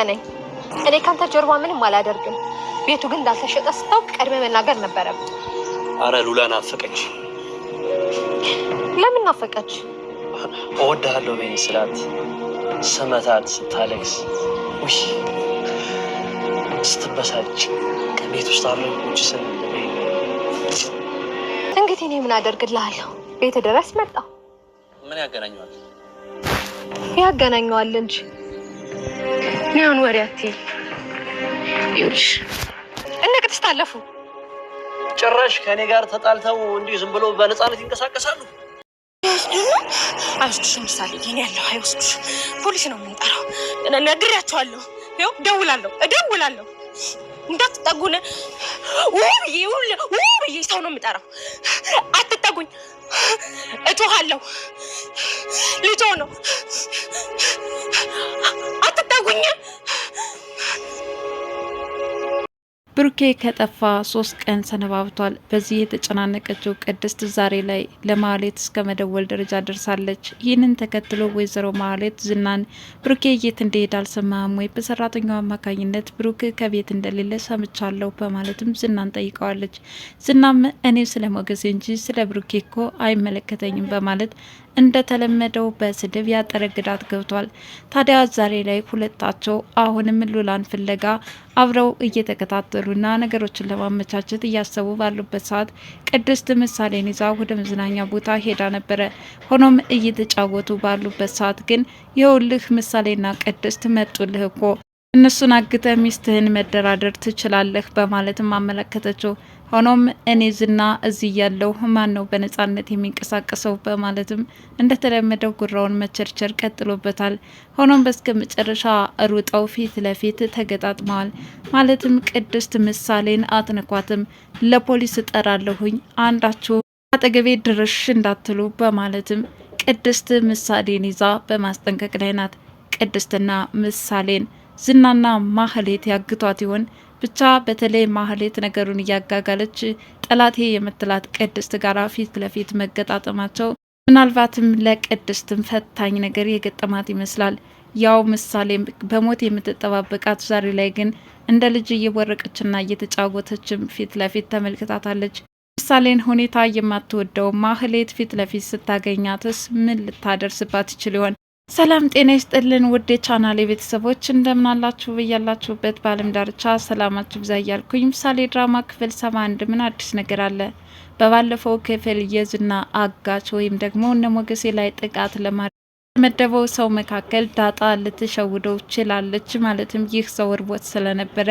እመነኝ፣ እኔ ካንተ ጀርባ ምንም አላደርግም። ቤቱ ግን እንዳልተሸጠ ስታውቅ ቀድሜ መናገር ነበረብን። አረ ሉላ ናፈቀች። ለምን ናፈቀች? እወድሃለሁ በይ ስላት ስመታት ስታለቅስ ውይ ስትበሳጭ ከቤት ውስጥ አለ ውጭ ስ እንግዲህ እኔ ምን አደርግልሃለሁ? ቤት ድረስ መጣሁ። ምን ያገናኘዋል? ያገናኘዋል እንጂ ይሁን ወሬ አትይ። ይኸውልሽ እነ ቅድስት አለፉ። ጭራሽ ከእኔ ጋር ተጣልተው እንዲህ ዝም ብሎ በነፃነት ይንቀሳቀሳሉ። አይወስዱሽም። ምሳሌ ይሄን ያለው አይወስዱሽም። ፖሊስ ነው የምንጠራው። ነግሬያቸዋለሁ። ይኸው እደውላለሁ እደውላለሁ እንዳትጠጉን ውብዬ ውብዬ ሰው ነው የምጠራው። አትጠጉኝ፣ እጮሃለሁ። ልጆ ነው ያደርጉኛል። ብሩኬ ከጠፋ ሶስት ቀን ሰነባብቷል። በዚህ የተጨናነቀችው ቅድስት ዛሬ ላይ ለማህሌት እስከ መደወል ደረጃ ደርሳለች። ይህንን ተከትሎ ወይዘሮ ማህሌት ዝናን ብሩኬ የት እንደሄደ አልሰማህም ወይ? በሰራተኛው አማካኝነት ብሩክ ከቤት እንደሌለ ሰምቻለሁ በማለትም ዝናን ጠይቀዋለች። ዝናም እኔ ስለ ሞገሴ እንጂ ስለ ብሩኬ እኮ አይመለከተኝም በማለት እንደተለመደው በስድብ ያጠረግዳት ገብቷል። ታዲያ ዛሬ ላይ ሁለታቸው አሁንም ሉላን ፍለጋ አብረው እየተከታተሉና ነገሮችን ለማመቻቸት እያሰቡ ባሉበት ሰዓት ቅድስት ምሳሌን ይዛ ወደ መዝናኛ ቦታ ሄዳ ነበረ። ሆኖም እየተጫወቱ ባሉበት ሰዓት ግን የውልህ ምሳሌና ቅድስት መጡልህ እኮ እነሱን አግተ ሚስትህን መደራደር ትችላለህ በማለትም አመለከተችው። ሆኖም እኔ ዝና እዚህ ያለው ማን ነው በነጻነት የሚንቀሳቀሰው በማለትም እንደተለመደው ጉራውን መቸርቸር ቀጥሎበታል። ሆኖም በስከ መጨረሻ ሩጠው ፊት ለፊት ተገጣጥመዋል። ማለትም ቅድስት ምሳሌን አጥንኳትም ለፖሊስ እጠራለሁኝ፣ አንዳችሁ አጠገቤ ድርሽ እንዳትሉ በማለትም ቅድስት ምሳሌን ይዛ በማስጠንቀቅ ላይ ናት። ቅድስትና ምሳሌን ዝናና ማህሌት ያግቷት ይሆን? ብቻ በተለይ ማህሌት ነገሩን እያጋጋለች ጠላቴ የምትላት ቅድስት ጋር ፊት ለፊት መገጣጠማቸው ምናልባትም ለቅድስትም ፈታኝ ነገር የገጠማት ይመስላል። ያው ምሳሌ በሞት የምትጠባበቃት ዛሬ ላይ ግን እንደ ልጅ እየወረቀችና እየተጫወተችም ፊት ለፊት ተመልክታታለች። ምሳሌን ሁኔታ የማትወደው ማህሌት ፊት ለፊት ስታገኛትስ ምን ልታደርስባት ይችል ይሆን? ሰላም ጤና ይስጥልን ውድ የቻናሌ ቤተሰቦች እንደምን አላችሁ? ብያላችሁበት በዓለም ዳርቻ ሰላማችሁ ብዛ እያልኩኝ ምሳሌ ድራማ ክፍል ሰባ አንድ ምን አዲስ ነገር አለ? በባለፈው ክፍል የዝና አጋች ወይም ደግሞ እነ ሞገሴ ላይ ጥቃት ለማድረግ መደበው ሰው መካከል ዳጣ ልትሸውደው ችላለች። ማለትም ይህ ሰው እርቦት ስለነበረ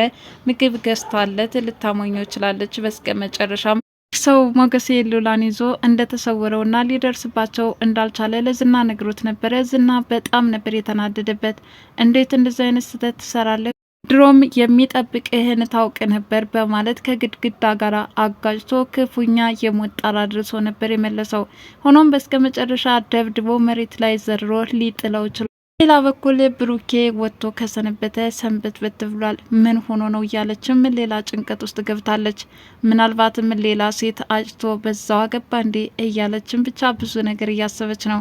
ምግብ ገዝታለት ልታሞኘው ችላለች። በስተ መጨረሻም ሰው ሞገሴ ሉላን ይዞ እንደተሰወረውና ሊደርስባቸው እንዳልቻለ ለዝና ነግሮት ነበረ። ዝና በጣም ነበር የተናደደበት። እንዴት እንደዚህ አይነት ስህተት ትሰራለ ድሮም የሚጠብቅህን ታውቅ ነበር በማለት ከግድግዳ ጋር አጋጭቶ ክፉኛ የሞት ጣር አድርሶ ነበር የመለሰው። ሆኖም በስከ መጨረሻ ደብድቦ መሬት ላይ ዘርሮ ሊጥለው ችሏል። ሌላ በኩል ብሩኬ ወጥቶ ከሰነበተ ሰንበት በት ብሏል። ምን ሆኖ ነው እያለችም ሌላ ጭንቀት ውስጥ ገብታለች። ምናልባትም ሌላ ሴት አጭቶ በዛው አገባ እንዴ እያለችም ብቻ ብዙ ነገር እያሰበች ነው።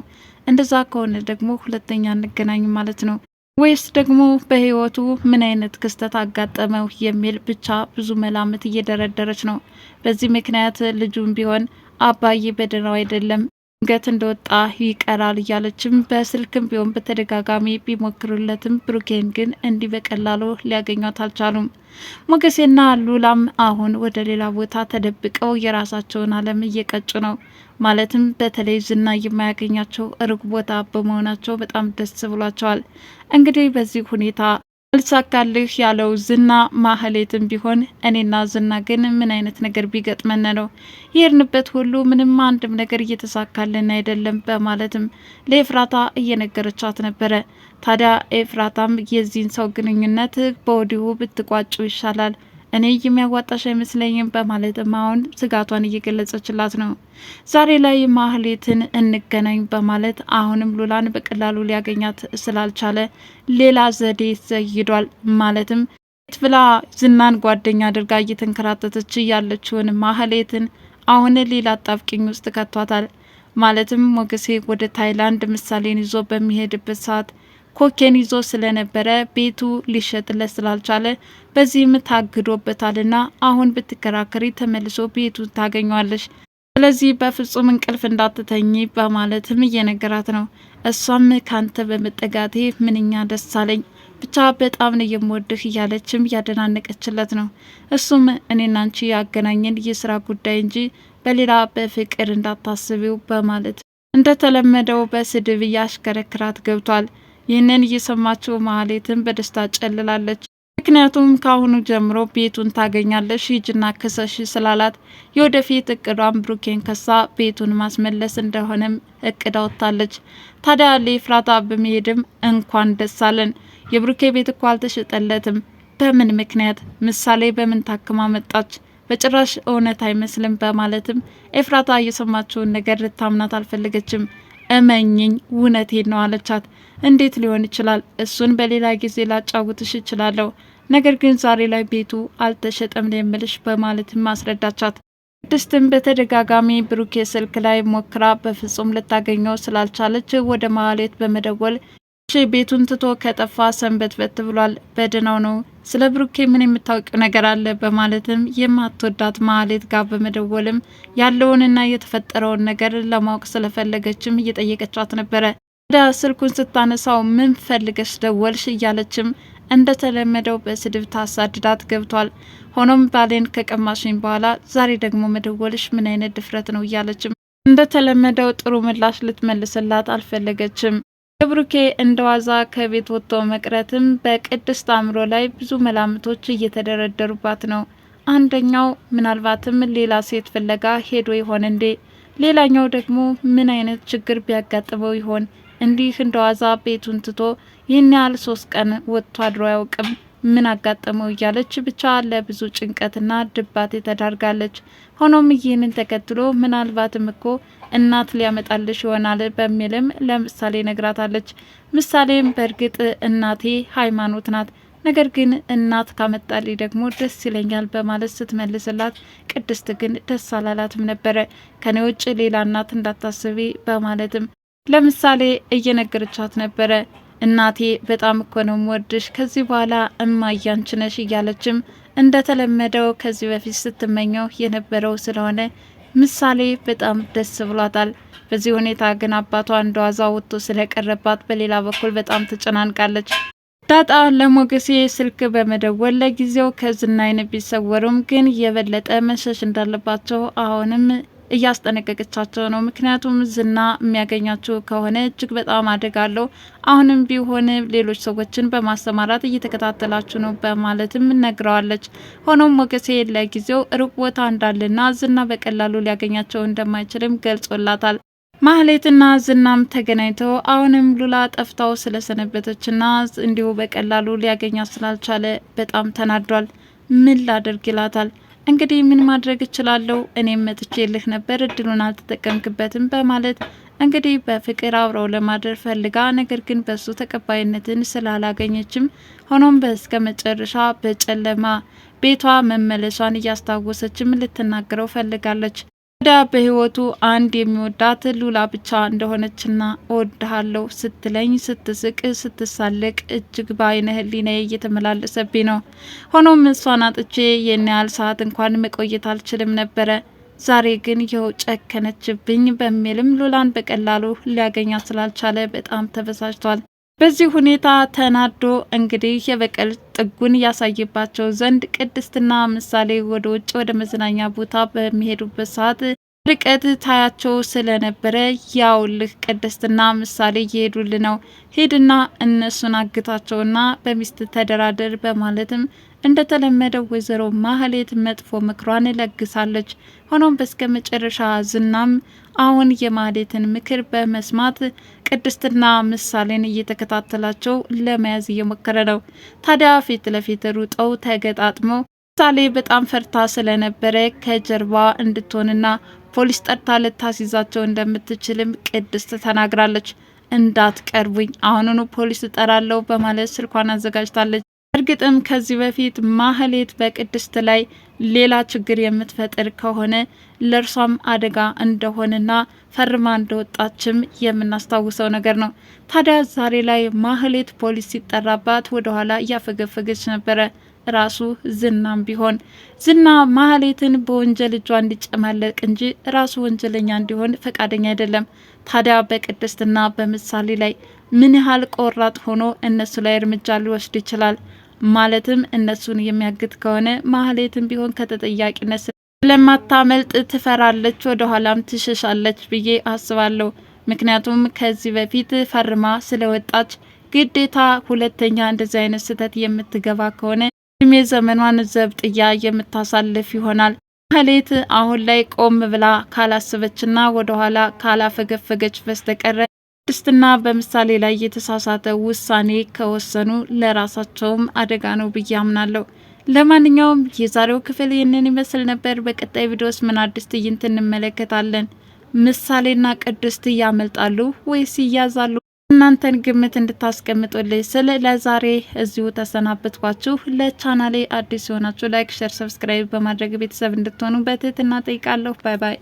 እንደዛ ከሆነ ደግሞ ሁለተኛ እንገናኝ ማለት ነው ወይስ ደግሞ በህይወቱ ምን አይነት ክስተት አጋጠመው የሚል ብቻ ብዙ መላምት እየደረደረች ነው። በዚህ ምክንያት ልጁም ቢሆን አባዬ በደህናው አይደለም ድንገት እንደወጣ ይቀራል እያለችም በስልክም ቢሆን በተደጋጋሚ ቢሞክሩለትም ብሩኬን ግን እንዲህ በቀላሉ ሊያገኟት አልቻሉም። ሞገሴና ሉላም አሁን ወደ ሌላ ቦታ ተደብቀው የራሳቸውን ዓለም እየቀጩ ነው። ማለትም በተለይ ዝና የማያገኛቸው ሩቅ ቦታ በመሆናቸው በጣም ደስ ብሏቸዋል። እንግዲህ በዚህ ሁኔታ አልሳካልህ ያለው ዝና ማህሌትም ቢሆን እኔና ዝና ግን ምን አይነት ነገር ቢገጥመን ነው የሄድንበት ሁሉ ምንም አንድም ነገር እየተሳካልን አይደለም፣ በማለትም ለኤፍራታ እየነገረቻት ነበረ። ታዲያ ኤፍራታም የዚህን ሰው ግንኙነት በወዲሁ ብትቋጩ ይሻላል እኔ የሚያዋጣሽ አይመስለኝም በማለትም አሁን ስጋቷን እየገለጸችላት ነው። ዛሬ ላይ ማህሌትን እንገናኝ በማለት አሁንም ሉላን በቀላሉ ሊያገኛት ስላልቻለ ሌላ ዘዴ ዘይዷል። ማለትም ብላ ዝናን ጓደኛ አድርጋ እየተንከራተተች ያለችውን ማህሌትን አሁን ሌላ አጣብቂኝ ውስጥ ከቷታል። ማለትም ሞገሴ ወደ ታይላንድ ምሳሌን ይዞ በሚሄድበት ሰዓት ኮኬን ይዞ ስለነበረ ቤቱ ሊሸጥለት ስላልቻለ በዚህም ታግዶበታልና አሁን ብትከራከሪ ተመልሶ ቤቱ ታገኘዋለች። ስለዚህ በፍጹም እንቅልፍ እንዳትተኝ በማለትም እየነገራት ነው። እሷም ካንተ በመጠጋቴ ምንኛ ደስ አለኝ ብቻ በጣም ነው የምወድህ እያለችም እያደናነቀችለት ነው። እሱም እኔና አንቺ ያገናኘን የስራ ጉዳይ እንጂ በሌላ በፍቅር እንዳታስቢው በማለት እንደተለመደው በስድብ እያሽከረክራት ገብቷል። ይህንን እየሰማችው ማህሌትን በደስታ ጨልላለች። ምክንያቱም ከአሁኑ ጀምሮ ቤቱን ታገኛለሽ ሂጅና ክሰሽ ስላላት የወደፊት እቅዷን ብሩኬን ከሳ ቤቱን ማስመለስ እንደሆነም እቅዳ ወጥታለች። ታዲያ ለኤፍራታ በመሄድም እንኳን ደስ አለን፣ የብሩኬ ቤት እኮ አልተሸጠለትም። በምን ምክንያት ምሳሌ በምን ታክማ መጣች? በጭራሽ እውነት አይመስልም በማለትም ኤፍራታ እየሰማችውን ነገር ልታምናት አልፈለገችም። እመኝኝ እውነቴን ነው አለቻት። እንዴት ሊሆን ይችላል? እሱን በሌላ ጊዜ ላጫውትሽ እችላለሁ፣ ነገር ግን ዛሬ ላይ ቤቱ አልተሸጠም የምልሽ በማለትም አስረዳቻት። ቅድስትም በተደጋጋሚ ብሩኬ ስልክ ላይ ሞክራ በፍጹም ልታገኘው ስላልቻለች ወደ ማህሌት በመደወል ሺ ቤቱን ትቶ ከጠፋ ሰንበት በት ብሏል። በደናው ነው። ስለ ብሩኬ ምን የምታውቂው ነገር አለ? በማለትም የማትወዳት ማህሌት ጋር በመደወልም ያለውንና የተፈጠረውን ነገር ለማወቅ ስለፈለገችም እየጠየቀቻት ነበረ። ወደ ስልኩን ስታነሳው ምን ፈልገሽ ደወልሽ? እያለችም እንደተለመደው በስድብ ታሳድዳት ገብቷል። ሆኖም ባሌን ከቀማሽኝ በኋላ ዛሬ ደግሞ መደወልሽ ምን አይነት ድፍረት ነው? እያለችም እንደተለመደው ጥሩ ምላሽ ልትመልስላት አልፈለገችም። ብሩኬ እንደዋዛ ከቤት ወጥቶ መቅረትም በቅድስት አእምሮ ላይ ብዙ መላምቶች እየተደረደሩባት ነው። አንደኛው ምናልባትም ሌላ ሴት ፍለጋ ሄዶ ይሆን እንዴ? ሌላኛው ደግሞ ምን አይነት ችግር ቢያጋጥመው ይሆን? እንዲህ እንደዋዛ ቤቱን ትቶ ይህን ያህል ሶስት ቀን ወጥቶ አድሮ አያውቅም። ምን አጋጠመው እያለች ብቻ ለብዙ ጭንቀትና ድባቴ ተዳርጋለች። ሆኖም ይህንን ተከትሎ ምናልባትም እኮ እናት ሊያመጣልሽ ይሆናል በሚልም ለምሳሌ ነግራታለች። ምሳሌም በእርግጥ እናቴ ሃይማኖት ናት፣ ነገር ግን እናት ካመጣልኝ ደግሞ ደስ ይለኛል በማለት ስትመልስላት፣ ቅድስት ግን ደስ አላላትም ነበረ። ከኔ ውጭ ሌላ እናት እንዳታስቢ በማለትም ለምሳሌ እየነገረቻት ነበረ። እናቴ በጣም እኮ ነው ምወድሽ፣ ከዚህ በኋላ እማዬ አንቺ ነሽ እያለችም እንደተለመደው ከዚህ በፊት ስትመኘው የነበረው ስለሆነ ምሳሌ በጣም ደስ ብሏታል። በዚህ ሁኔታ ግን አባቷ እንደዋዛ ወጥቶ ስለቀረባት በሌላ በኩል በጣም ትጨናንቃለች። ዳጣ ለሞገሴ ስልክ በመደወል ለጊዜው ከዝና አይን ቢሰወሩም ግን የበለጠ መሸሽ እንዳለባቸው አሁንም እያስጠነቀቀቻቸው ነው። ምክንያቱም ዝና የሚያገኛቸው ከሆነ እጅግ በጣም አደጋለሁ። አለው። አሁንም ቢሆን ሌሎች ሰዎችን በማሰማራት እየተከታተላችሁ ነው በማለትም ነግረዋለች። ሆኖም ሞገሴ ለጊዜው ሩቅ ቦታ እንዳለና ዝና በቀላሉ ሊያገኛቸው እንደማይችልም ገልጾላታል። ማህሌትና ዝናም ተገናኝተው አሁንም ሉላ ጠፍታው ስለሰነበተችና እንዲሁ በቀላሉ ሊያገኛ ስላልቻለ በጣም ተናዷል። ምን ላደርግ ይላታል። እንግዲህ ምን ማድረግ እችላለሁ? እኔም መጥቼልህ ነበር፣ እድሉን አልተጠቀምክበትም በማለት እንግዲህ በፍቅር አብረው ለማደር ፈልጋ ነገር ግን በሱ ተቀባይነትን ስላላገኘችም ሆኖም በስከ መጨረሻ በጨለማ ቤቷ መመለሷን እያስታወሰችም ልትናገረው ፈልጋለች። ዳ በህይወቱ አንድ የሚወዳት ሉላ ብቻ እንደሆነችና እወድሃለሁ ስትለኝ ስትስቅ ስትሳለቅ እጅግ በአይነ ህሊናዬ እየተመላለሰብኝ ነው። ሆኖም እሷን አጥቼ ይህን ያህል ሰዓት እንኳን መቆየት አልችልም ነበረ። ዛሬ ግን ይኸው ጨከነችብኝ በሚልም ሉላን በቀላሉ ሊያገኛት ስላልቻለ በጣም ተበሳጭቷል። በዚህ ሁኔታ ተናዶ እንግዲህ የበቀል ጥጉን ያሳይባቸው ዘንድ ቅድስትና ምሳሌ ወደ ውጭ ወደ መዝናኛ ቦታ በሚሄዱበት ሰዓት ርቀት ታያቸው ስለነበረ ያው ልህ ቅድስትና ምሳሌ እየሄዱል ነው፣ ሄድና እነሱን አግታቸውና በሚስት ተደራደር በማለትም እንደተለመደው ወይዘሮ ማህሌት መጥፎ ምክሯን ለግሳለች። ሆኖም በስከ መጨረሻ ዝናም አሁን የማህሌትን ምክር በመስማት ቅድስትና ምሳሌን እየተከታተላቸው ለመያዝ እየሞከረ ነው። ታዲያ ፊት ለፊት ሩጠው ተገጣጥመው ምሳሌ በጣም ፈርታ ስለነበረ ከጀርባ እንድትሆንና ፖሊስ ጠርታ ልታስይዛቸው እንደምትችልም ቅድስት ተናግራለች። እንዳትቀርቡኝ አሁኑኑ ፖሊስ እጠራለሁ በማለት ስልኳን አዘጋጅታለች። እርግጥም ከዚህ በፊት ማህሌት በቅድስት ላይ ሌላ ችግር የምትፈጥር ከሆነ ለእርሷም አደጋ እንደሆነና ፈርማ እንደወጣችም የምናስታውሰው ነገር ነው። ታዲያ ዛሬ ላይ ማህሌት ፖሊስ ሲጠራባት ወደኋላ እያፈገፈገች ነበረ። ራሱ ዝናም ቢሆን ዝና ማህሌትን በወንጀል እጇ እንዲጨማለቅ እንጂ ራሱ ወንጀለኛ እንዲሆን ፈቃደኛ አይደለም። ታዲያ በቅድስትና በምሳሌ ላይ ምን ያህል ቆራጥ ሆኖ እነሱ ላይ እርምጃ ሊወስድ ይችላል? ማለትም እነሱን የሚያግት ከሆነ ማህሌትም ቢሆን ከተጠያቂነት ስለማታመልጥ ትፈራለች፣ ወደኋላም ትሸሻለች ብዬ አስባለሁ። ምክንያቱም ከዚህ በፊት ፈርማ ስለወጣች ግዴታ ሁለተኛ እንደዚህ አይነት ስህተት የምትገባ ከሆነ እድሜ ዘመኗን ዘብጥያ የምታሳልፍ ይሆናል። ማህሌት አሁን ላይ ቆም ብላ ካላስበችና ወደኋላ ካላፈገፈገች በስተቀረ ቅድስትና በምሳሌ ላይ የተሳሳተ ውሳኔ ከወሰኑ ለራሳቸውም አደጋ ነው ብዬ አምናለሁ። ለማንኛውም የዛሬው ክፍል ይህንን ይመስል ነበር። በቀጣይ ቪዲዮስ ምን አዲስ ትዕይንት እንመለከታለን? ምሳሌና ቅድስት ያመልጣሉ ወይስ ይያዛሉ? እናንተን ግምት እንድታስቀምጡልኝ ስል ለዛሬ እዚሁ ተሰናበትኳችሁ። ለቻናሌ አዲስ የሆናችሁ ላይክ፣ ሸር፣ ሰብስክራይብ በማድረግ ቤተሰብ እንድትሆኑ በትህትና ጠይቃለሁ። ባይ ባይ።